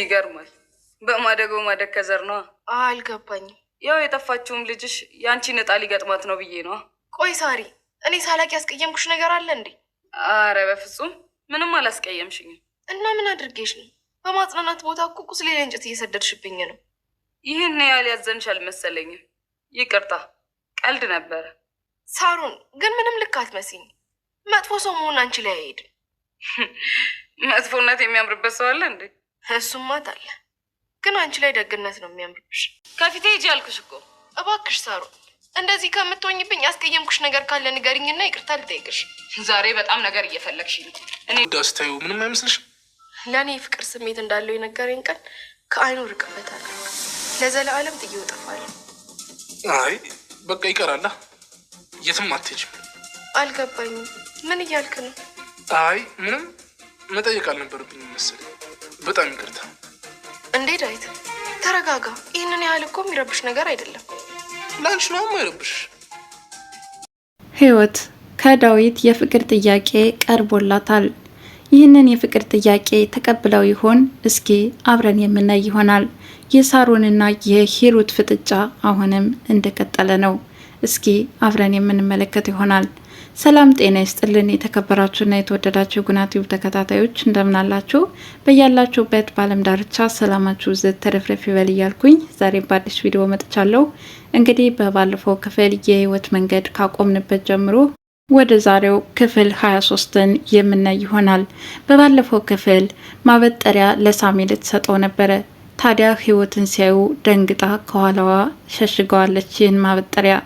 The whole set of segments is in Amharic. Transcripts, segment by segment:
ይገርማል። በማደጎ ማደግ ከዘር ነዋ። አልገባኝም። ያው የጠፋችውም ልጅሽ የአንቺን ዕጣ ሊገጥማት ነው ብዬ ነዋ። ቆይ ሳሪ፣ እኔ ሳላቂ ያስቀየምኩሽ ነገር አለ እንዴ? አረ በፍጹም ምንም አላስቀየምሽኝም። እና ምን አድርጌሽ ነው? በማጽናናት ቦታ እኮ ቁስሌ ላይ እንጨት እየሰደድሽብኝ ነው። ይህን ያህል ያዘንሽ አልመሰለኝም። ይቅርታ፣ ቀልድ ነበረ። ሳሩን ግን ምንም ልክ አትመስኝ። መጥፎ ሰው መሆን አንቺ ላይ አይሄድም። መጥፎነት የሚያምርበት ሰው አለ እንዴ? እሱም ማት አለ ግን አንቺ ላይ ደግነት ነው የሚያምርብሽ። ከፊቴ ሂጂ ያልኩሽ እኮ እባክሽ ሳሮ፣ እንደዚህ ከምትሆኝብኝ ያስቀየምኩሽ ነገር ካለ ንገሪኝና ይቅርታ ልጠይቅሽ። ዛሬ በጣም ነገር እየፈለግሽ ነው። እኔ ዳስታዩ ምንም አይመስልሽም? ለእኔ የፍቅር ስሜት እንዳለው የነገረኝ ቀን ከአይኑ ርቅበታለሁ። ለዘለዓለም ጥዬው እጠፋለሁ። አይ በቃ ይቀራላ፣ የትም አትሄጂም። አልገባኝም። ምን እያልክ ነው? አይ ምንም መጠየቅ አልነበረብኝም መሰለኝ በጣም ይቅርታ። እንዴ ዳዊት ተረጋጋ። ይህንን ያህል እኮ የሚረብሽ ነገር አይደለም። ላንች ነው አይረብሽ። ህይወት ከዳዊት የፍቅር ጥያቄ ቀርቦላታል። ይህንን የፍቅር ጥያቄ ተቀብለው ይሆን? እስኪ አብረን የምናይ ይሆናል። የሳሮንና የሂሩት ፍጥጫ አሁንም እንደቀጠለ ነው። እስኪ አብረን የምንመለከት ይሆናል። ሰላም ጤና ይስጥልን። የተከበራችሁና የተወደዳችሁ ጉና ቲዩብ ተከታታዮች እንደምናላችሁ በያላችሁበት በአለም ዳርቻ ሰላማችሁ ዝ ተረፍረፍ ይበል እያልኩኝ ዛሬ በአዲስ ቪዲዮ መጥቻለሁ። እንግዲህ በባለፈው ክፍል የህይወት መንገድ ካቆምንበት ጀምሮ ወደ ዛሬው ክፍል 23ን የምናይ ይሆናል። በባለፈው ክፍል ማበጠሪያ ለሳሚ ልትሰጠው ነበረ። ታዲያ ህይወትን ሲያዩ ደንግጣ ከኋላዋ ሸሽገዋለች ይህን ማበጠሪያ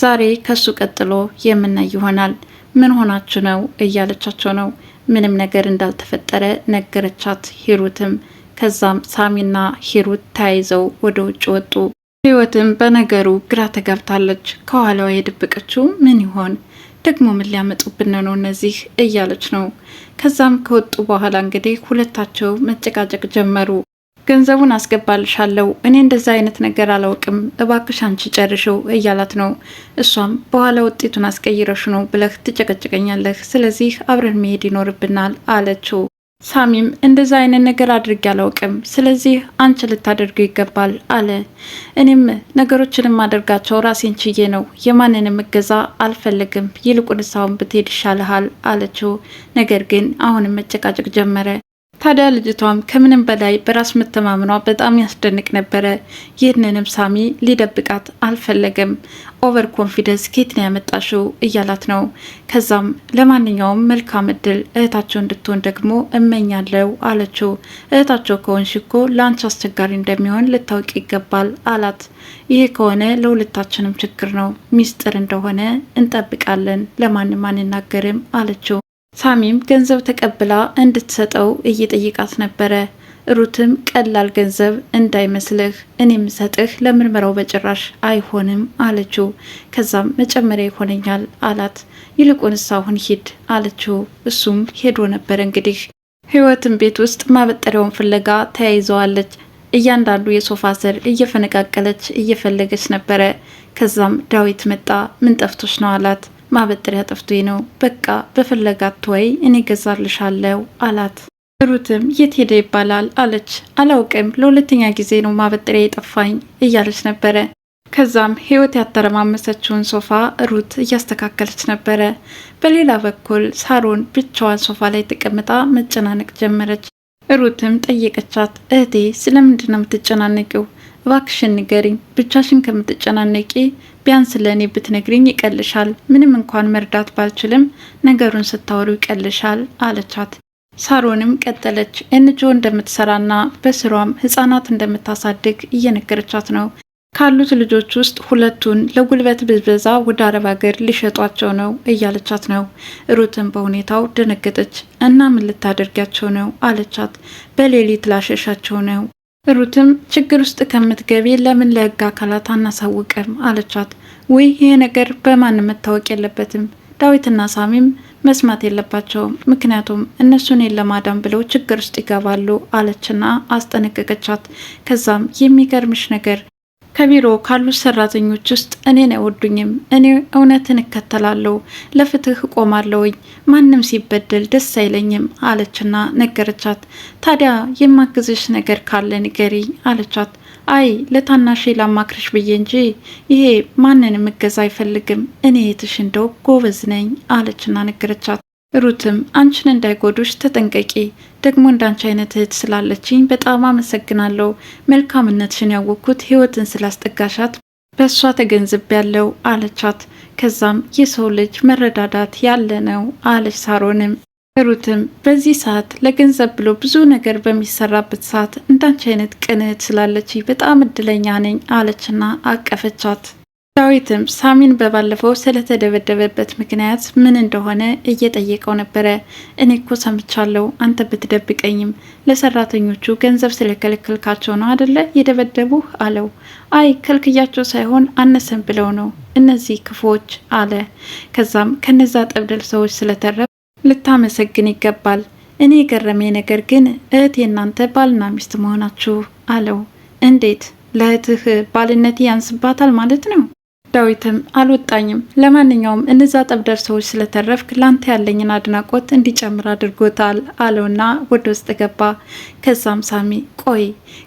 ዛሬ ከሱ ቀጥሎ የምናይ ይሆናል። ምን ሆናችሁ ነው እያለቻቸው ነው። ምንም ነገር እንዳልተፈጠረ ነገረቻት ሂሩትም። ከዛም ሳሚና ሂሩት ተያይዘው ወደ ውጭ ወጡ። ህይወትም በነገሩ ግራ ተጋብታለች። ከኋላዋ የደበቀችው ምን ይሆን ደግሞ ምን ሊያመጡብን ነው እነዚህ እያለች ነው። ከዛም ከወጡ በኋላ እንግዲህ ሁለታቸው መጨቃጨቅ ጀመሩ። ገንዘቡን አስገባልሻለው እኔ እንደዛ አይነት ነገር አላውቅም፣ እባክሽ አንቺ ጨርሽው እያላት ነው። እሷም በኋላ ውጤቱን አስቀይረሽ ነው ብለህ ትጨቀጭቀኛለህ፣ ስለዚህ አብረን መሄድ ይኖርብናል አለችው። ሳሚም እንደዛ አይነት ነገር አድርጌ አላውቅም፣ ስለዚህ አንቺ ልታደርገው ይገባል አለ። እኔም ነገሮችን አደርጋቸው ራሴን ችዬ ነው፣ የማንንም እገዛ አልፈልግም፣ ይልቁንስ አሁን ብትሄድ ይሻልሃል አለችው። ነገር ግን አሁንም መጨቃጨቅ ጀመረ። ታዲያ ልጅቷም ከምንም በላይ በራስ መተማመኗ በጣም ያስደንቅ ነበረ። ይህንንም ሳሚ ሊደብቃት አልፈለገም። ኦቨር ኮንፊደንስ ኬት ነው ያመጣሽው እያላት ነው። ከዛም ለማንኛውም መልካም እድል እህታቸው እንድትሆን ደግሞ እመኛለው አለችው። እህታቸው ከሆንሽ እኮ ለአንቺ አስቸጋሪ እንደሚሆን ልታውቅ ይገባል አላት። ይሄ ከሆነ ለሁለታችንም ችግር ነው፣ ሚስጥር እንደሆነ እንጠብቃለን፣ ለማንም አንናገርም አለችው። ሳሚም ገንዘብ ተቀብላ እንድትሰጠው እየጠየቃት ነበረ። ሩትም ቀላል ገንዘብ እንዳይመስልህ እኔ የምሰጥህ ለምርመራው በጭራሽ አይሆንም አለችው። ከዛም መጨመሪያ ይሆነኛል አላት። ይልቁንስ አሁን ሂድ አለችው። እሱም ሄዶ ነበር። እንግዲህ ህይወትን ቤት ውስጥ ማበጠሪያውን ፍለጋ ተያይዘዋለች። እያንዳንዱ የሶፋ ስር እየፈነቃቀለች እየፈለገች ነበረ። ከዛም ዳዊት መጣ። ምን ጠፍቶች ነው አላት። ማበጠሪያ ጠፍቶ ነው። በቃ በፍለጋት ወይ እኔ ገዛልሻለሁ አላት። ሩትም የት ሄደ ይባላል አለች። አላውቅም፣ ለሁለተኛ ጊዜ ነው ማበጠሪያ የጠፋኝ እያለች ነበረ። ከዛም ህይወት ያተረማመሰችውን ሶፋ ሩት እያስተካከለች ነበረ። በሌላ በኩል ሳሮን ብቻዋን ሶፋ ላይ ተቀምጣ መጨናነቅ ጀመረች። ሩትም ጠየቀቻት፣ እህቴ ስለምንድን ነው የምትጨናነቂው? እባክሽን ንገሪኝ፣ ብቻሽን ከምትጨናነቂ ቢያንስ ለእኔ ብትነግሪኝ ይቀልሻል። ምንም እንኳን መርዳት ባልችልም ነገሩን ስታወሩ ይቀልሻል አለቻት። ሳሮንም ቀጠለች። ኤንጂኦ እንደምትሰራና በስሯም ህጻናት እንደምታሳድግ እየነገረቻት ነው። ካሉት ልጆች ውስጥ ሁለቱን ለጉልበት ብዝበዛ ወደ አረብ ሀገር ሊሸጧቸው ነው እያለቻት ነው። ሩትን በሁኔታው ደነገጠች እና ምን ልታደርጊያቸው ነው አለቻት። በሌሊት ላሸሻቸው ነው ሩትም ችግር ውስጥ ከምትገቢ ለምን ለህግ አካላት አናሳውቅም አለቻት። ውይ ይህ ነገር በማንም መታወቅ የለበትም፣ ዳዊትና ሳሚም መስማት የለባቸውም፣ ምክንያቱም እነሱ እኔን ለማዳን ብለው ችግር ውስጥ ይገባሉ አለችና አስጠነቀቀቻት። ከዛም የሚገርምሽ ነገር ከቢሮ ካሉት ሰራተኞች ውስጥ እኔን አይወዱኝም። እኔ እውነትን እከተላለሁ፣ ለፍትህ እቆማለሁኝ፣ ማንም ሲበደል ደስ አይለኝም አለችና ነገረቻት። ታዲያ የማግዝሽ ነገር ካለ ንገሪ አለቻት። አይ ለታናሽ ላማክርሽ ብዬ እንጂ ይሄ ማንንም እገዛ አይፈልግም። እኔ የትሽ እንደው ጎበዝ ነኝ አለችና ነገረቻት። ሩትም አንቺን እንዳይጎዱሽ ተጠንቀቂ። ደግሞ እንዳንቺ አይነት እህት ስላለችኝ በጣም አመሰግናለሁ። መልካምነትሽን ያወቅኩት ህይወትን ስላስጠጋሻት በእሷ ተገንዝብ ያለው አለቻት። ከዛም የሰው ልጅ መረዳዳት ያለ ነው አለች ሳሮንም። ሩትም በዚህ ሰዓት ለገንዘብ ብሎ ብዙ ነገር በሚሰራበት ሰዓት እንዳንቺ አይነት ቅን እህት ስላለች በጣም እድለኛ ነኝ አለችና አቀፈቻት። ዳዊትም ሳሚን በባለፈው ስለተደበደበበት ምክንያት ምን እንደሆነ እየጠየቀው ነበረ። እኔ እኮ ሰምቻለሁ፣ አንተ ብትደብቀኝም ለሰራተኞቹ ገንዘብ ስለከልክልካቸው ነው አደለ የደበደቡህ አለው። አይ ከልክያቸው ሳይሆን አነሰን ብለው ነው እነዚህ ክፉዎች አለ። ከዛም ከነዛ ጠብደል ሰዎች ስለተረፍ ልታመሰግን ይገባል። እኔ የገረሜ ነገር ግን እህት የእናንተ ባልና ሚስት መሆናችሁ አለው። እንዴት ለእህትህ ባልነት ያንስባታል ማለት ነው? ዳዊትም አልወጣኝም። ለማንኛውም እነዛ ጠብደር ሰዎች ስለተረፍክ ላንተ ያለኝን አድናቆት እንዲጨምር አድርጎታል አለውና ወደ ውስጥ ገባ። ከዛም ሳሚ ቆይ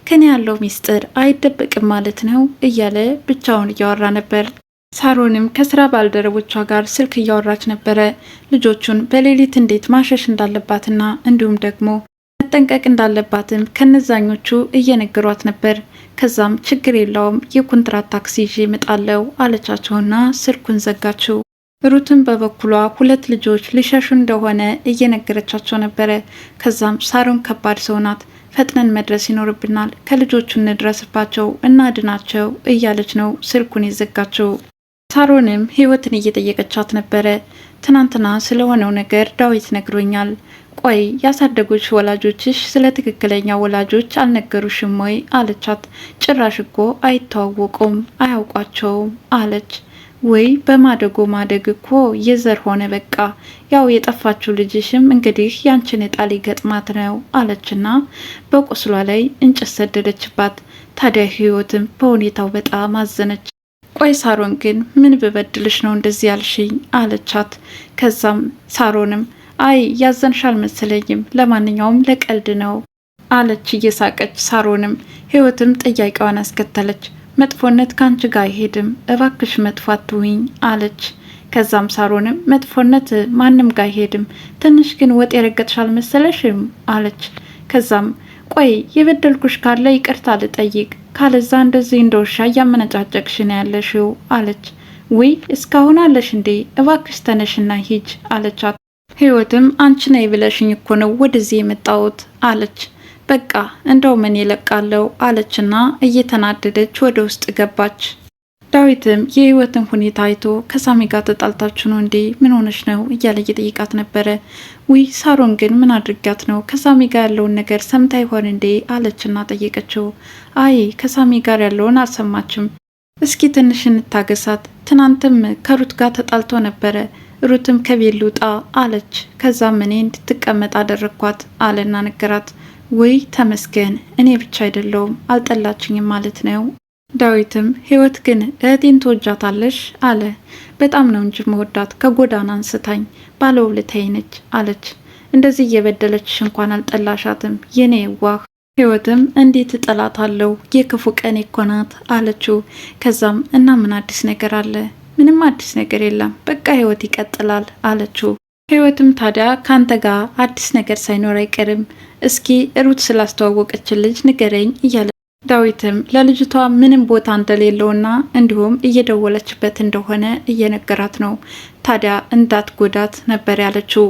ከኔ ያለው ሚስጥር አይደበቅም ማለት ነው እያለ ብቻውን እያወራ ነበር። ሳሮንም ከስራ ባልደረቦቿ ጋር ስልክ እያወራች ነበረ። ልጆቹን በሌሊት እንዴት ማሸሽ እንዳለባትና እንዲሁም ደግሞ መጠንቀቅ እንዳለባትም ከነዛኞቹ እየነገሯት ነበር። ከዛም ችግር የለውም የኮንትራት ታክሲ ይዤ እመጣለሁ አለቻቸውና ስልኩን ዘጋችው። ሩትን በበኩሏ ሁለት ልጆች ሊሸሹ እንደሆነ እየነገረቻቸው ነበረ። ከዛም ሳሮን ከባድ ሰው ናት፣ ፈጥነን መድረስ ይኖርብናል፣ ከልጆቹ እንድረስባቸው እናድናቸው እያለች ነው ስልኩን የዘጋችው። ሳሮንም ህይወትን እየጠየቀቻት ነበረ። ትናንትና ስለሆነው ነገር ዳዊት ነግሮኛል። ቆይ ያሳደጉች ወላጆችሽ ስለ ትክክለኛ ወላጆች አልነገሩሽም ወይ አለቻት። ጭራሽ እኮ አይተዋወቁም፣ አያውቋቸውም አለች። ወይ በማደጎ ማደግ እኮ የዘር ሆነ። በቃ ያው የጠፋችው ልጅሽም እንግዲህ ያንችን እጣ ሊገጥማት ነው አለችና በቁስሏ ላይ እንጨት ሰደደችባት። ታዲያ ህይወትም በሁኔታው በጣም አዘነች። ቆይ ሳሮን ግን ምን ብበድልሽ ነው እንደዚህ ያልሽኝ? አለቻት። ከዛም ሳሮንም አይ ያዘንሽ አልመሰለኝም፣ ለማንኛውም ለቀልድ ነው አለች እየሳቀች። ሳሮንም ህይወትም ጥያቄዋን አስከተለች። መጥፎነት ከአንቺ ጋር አይሄድም፣ እባክሽ መጥፎ አትሁኝ አለች። ከዛም ሳሮንም መጥፎነት ማንም ጋር አይሄድም፣ ትንሽ ግን ወጥ የረገጥሽ አልመሰለሽም አለች። ከዛም ቆይ የበደልኩሽ ካለ ይቅርታ ልጠይቅ፣ ካለዛ እንደዚህ እንደ ውሻ እያመነጫጨቅሽን ያለሽው አለች። ውይ እስካሁን አለሽ እንዴ? እባክሽ ተነሽና ሂጅ አለቻት። ህይወትም አንቺ ነይ ብለሽኝ እኮ ነው ወደዚህ የመጣሁት አለች። በቃ እንደው ምን ይለቃለው አለችና እየተናደደች ወደ ውስጥ ገባች። ዳዊትም የህይወትን ሁኔታ አይቶ ከሳሚ ጋር ተጣልታችሁ ነው እንዴ? ምን ሆነች ነው እያለ እየጠየቃት ነበረ። ውይ ሳሮን ግን ምን አድርጋት ነው? ከሳሚ ጋር ያለውን ነገር ሰምታ ይሆን እንዴ? አለችና ጠየቀችው። አይ ከሳሚ ጋር ያለውን አልሰማችም። እስኪ ትንሽ እንታገሳት። ትናንትም ከሩት ጋር ተጣልቶ ነበረ። ሩትም ከቤት ልውጣ አለች። ከዛም እኔ እንድትቀመጥ አደረግኳት አለና ነገራት። ውይ ተመስገን፣ እኔ ብቻ አይደለውም አልጠላችኝም ማለት ነው ዳዊትም ህይወት ግን እህቴን ትወጃታለሽ? አለ። በጣም ነው እንጂ መወዳት ከጎዳና አንስታኝ ባለውለታዬ ነች አለች። እንደዚህ እየበደለችሽ እንኳን አልጠላሻትም የኔ ዋህ ህይወትም እንዴት እጠላታለሁ የክፉ ቀን ኮናት አለችው። ከዛም እና ምን አዲስ ነገር አለ? ምንም አዲስ ነገር የለም፣ በቃ ህይወት ይቀጥላል አለችው። ህይወትም ታዲያ ካንተ ጋር አዲስ ነገር ሳይኖር አይቀርም፣ እስኪ ሩት ስላስተዋወቀችን ልጅ ንገረኝ እያለ ዳዊትም ለልጅቷ ምንም ቦታ እንደሌለውና እንዲሁም እየደወለችበት እንደሆነ እየነገራት ነው። ታዲያ እንዳት ጎዳት ነበር ያለችው።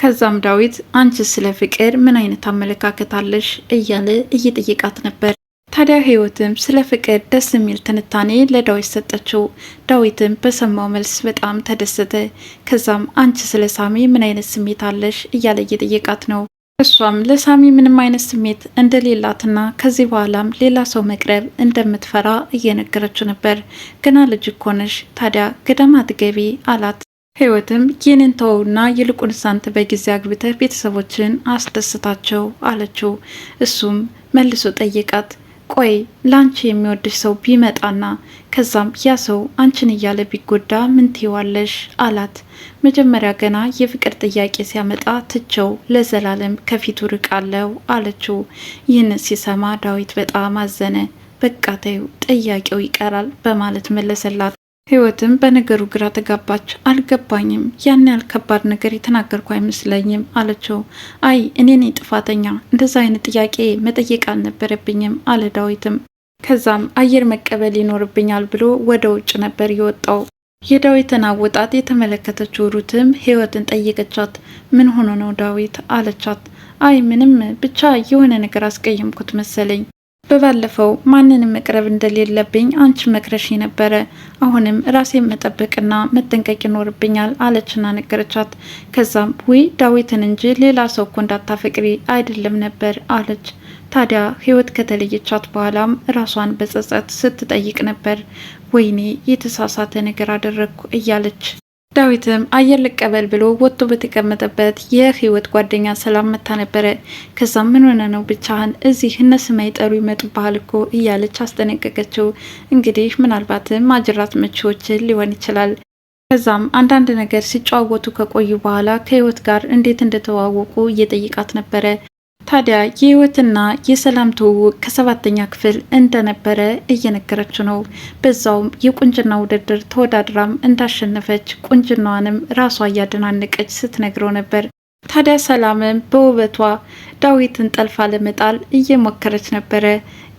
ከዛም ዳዊት አንቺ ስለ ፍቅር ምን አይነት አመለካከት አለሽ እያለ እየጠየቃት ነበር። ታዲያ ህይወትም ስለ ፍቅር ደስ የሚል ትንታኔ ለዳዊት ሰጠችው። ዳዊትም በሰማው መልስ በጣም ተደሰተ። ከዛም አንቺ ስለ ሳሚ ምን አይነት ስሜት አለሽ እያለ እየጠየቃት ነው። እሷም ለሳሚ ምንም አይነት ስሜት እንደሌላትና ከዚህ በኋላም ሌላ ሰው መቅረብ እንደምትፈራ እየነገረችው ነበር። ገና ልጅ እኮ ነሽ፣ ታዲያ ገደማ ትገቢ አላት። ህይወትም ይህንን ተወውና ይልቁን ሳንት በጊዜ አግብተህ ቤተሰቦችን አስደስታቸው አለችው። እሱም መልሶ ጠየቃት። ቆይ ላንቺ የሚወድሽ ሰው ቢመጣና ከዛም ያ ሰው አንቺን እያለ ቢጎዳ ምን ትይዋለሽ? አላት። መጀመሪያ ገና የፍቅር ጥያቄ ሲያመጣ ትቸው ለዘላለም ከፊቱ ርቃለው አለችው። ይህን ሲሰማ ዳዊት በጣም አዘነ። በቃ ተይው ጥያቄው ይቀራል በማለት መለሰላት። ህይወትም በነገሩ ግራ ተጋባች። አልገባኝም፣ ያን ያህል ከባድ ነገር የተናገርኩ አይመስለኝም አለችው። አይ እኔ ነኝ ጥፋተኛ፣ እንደዛ አይነት ጥያቄ መጠየቅ አልነበረብኝም አለ ዳዊትም። ከዛም አየር መቀበል ይኖርብኛል ብሎ ወደ ውጭ ነበር የወጣው። የዳዊትን አወጣት የተመለከተችው ሩትም ህይወትን ጠየቀቻት። ምን ሆኖ ነው ዳዊት አለቻት። አይ ምንም፣ ብቻ የሆነ ነገር አስቀየምኩት መሰለኝ በባለፈው ማንንም መቅረብ እንደሌለብኝ አንቺ መክረሽ ነበረ። አሁንም ራሴን መጠበቅና መጠንቀቅ ይኖርብኛል አለችና ነገረቻት። ከዛም ውይ ዳዊትን እንጂ ሌላ ሰው እኮ እንዳታፈቅሪ አይደለም ነበር አለች። ታዲያ ህይወት ከተለየቻት በኋላም ራሷን በጸጸት ስትጠይቅ ነበር። ወይኔ የተሳሳተ ነገር አደረግኩ እያለች ዳዊትም አየር ልቀበል ብሎ ወጥቶ በተቀመጠበት የህይወት ጓደኛ ሰላም መታ ነበረ። ከዛ ምን ሆነ ነው ብቻህን እዚህ እነሱ ማይጠሩ ይመጡብሃል እኮ እያለች አስጠነቀቀችው። እንግዲህ ምናልባትም አጅራት ምቾችን ሊሆን ይችላል። ከዛም አንዳንድ ነገር ሲጨዋወቱ ከቆዩ በኋላ ከህይወት ጋር እንዴት እንደተዋወቁ እየጠይቃት ነበረ። ታዲያ የህይወትና የሰላም ትውውቅ ከሰባተኛ ክፍል እንደነበረ እየነገረችው ነው። በዛውም የቁንጅና ውድድር ተወዳድራም እንዳሸነፈች ቁንጅናዋንም ራሷ እያደናነቀች ስትነግረው ነበር። ታዲያ ሰላምም በውበቷ ዳዊትን ጠልፋ ለመጣል እየሞከረች ነበረ።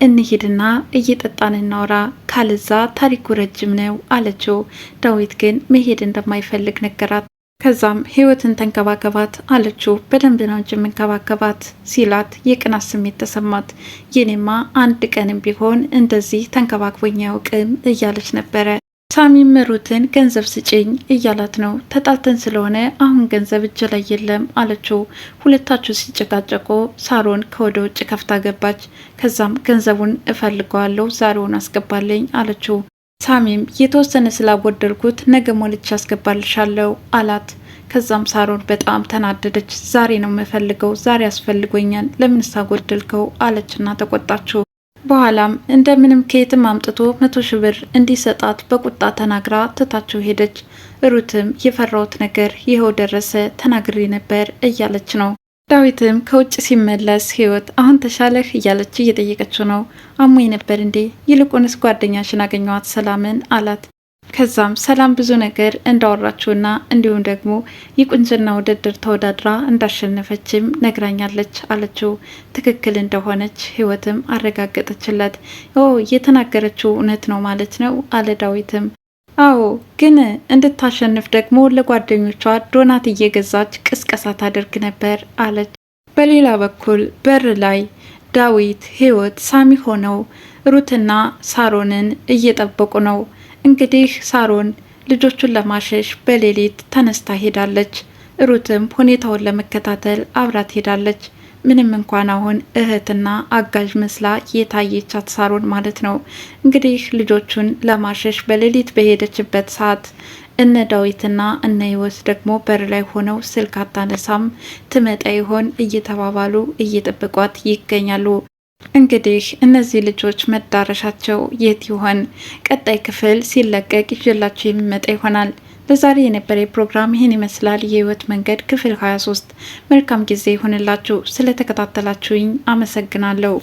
እንሂድና እየጠጣን እናውራ፣ ካለዛ ታሪኩ ረጅም ነው አለችው። ዳዊት ግን መሄድ እንደማይፈልግ ነገራት። ከዛም ህይወትን ተንከባከባት አለችው። በደንብ ነው እንጂ የምንከባከባት ሲላት የቅናት ስሜት ተሰማት። የኔማ አንድ ቀንም ቢሆን እንደዚህ ተንከባክቦኝ አያውቅም እያለች ነበረ። ሳሚም ሩትን ገንዘብ ስጭኝ እያላት ነው። ተጣልተን ስለሆነ አሁን ገንዘብ እጅ ላይ የለም አለችው። ሁለታችሁ ሲጨቃጨቁ ሳሮን ከወደ ውጭ ከፍታ ገባች። ከዛም ገንዘቡን እፈልገዋለሁ ዛሬውን አስገባለኝ አለችው። ሳሚም የተወሰነ ስላጎደልኩት ነገ ሞልቼ ያስገባልሻለሁ አላት። ከዛም ሳሮን በጣም ተናደደች። ዛሬ ነው የምፈልገው፣ ዛሬ ያስፈልጎኛል፣ ለምን ሳጎደልከው አለችና ተቆጣችው። በኋላም እንደምንም ከየትም አምጥቶ መቶ ሺ ብር እንዲሰጣት በቁጣ ተናግራ ትታቸው ሄደች። ሩትም የፈራሁት ነገር ይኸው ደረሰ፣ ተናግሬ ነበር እያለች ነው። ዳዊትም ከውጭ ሲመለስ ህይወት አሁን ተሻለህ እያለች እየጠየቀችው ነው። አሞኝ ነበር እንዴ? ይልቁንስ ጓደኛሽን አገኘዋት ሰላምን አላት። ከዛም ሰላም ብዙ ነገር እንዳወራችውና እንዲሁም ደግሞ የቁንጅና ውድድር ተወዳድራ እንዳሸነፈችም ነግራኛለች አለችው። ትክክል እንደሆነች ህይወትም አረጋገጠችለት። ኦ የተናገረችው እውነት ነው ማለት ነው አለ ዳዊትም አዎ ግን እንድታሸንፍ ደግሞ ለጓደኞቿ ዶናት እየገዛች ቅስቀሳ ታደርግ ነበር አለች። በሌላ በኩል በር ላይ ዳዊት፣ ህይወት፣ ሳሚ ሆነው ሩትና ሳሮንን እየጠበቁ ነው። እንግዲህ ሳሮን ልጆቹን ለማሸሽ በሌሊት ተነስታ ሄዳለች። ሩትም ሁኔታውን ለመከታተል አብራት ሄዳለች። ምንም እንኳን አሁን እህትና አጋዥ መስላ የታየቻት ሳሮን ማለት ነው። እንግዲህ ልጆቹን ለማሸሽ በሌሊት በሄደችበት ሰዓት እነ ዳዊትና እነ ህይወት ደግሞ በር ላይ ሆነው ስልክ አታነሳም ትመጣ ይሆን እየተባባሉ እየጠበቋት ይገኛሉ። እንግዲህ እነዚህ ልጆች መዳረሻቸው የት ይሆን? ቀጣይ ክፍል ሲለቀቅ ይዤላችሁ የሚመጣ ይሆናል። ለዛሬ የነበረ ፕሮግራም ይህን ይመስላል። የህይወት መንገድ ክፍል 23 መልካም ጊዜ ይሆንላችሁ። ስለተከታተላችሁኝ አመሰግናለሁ።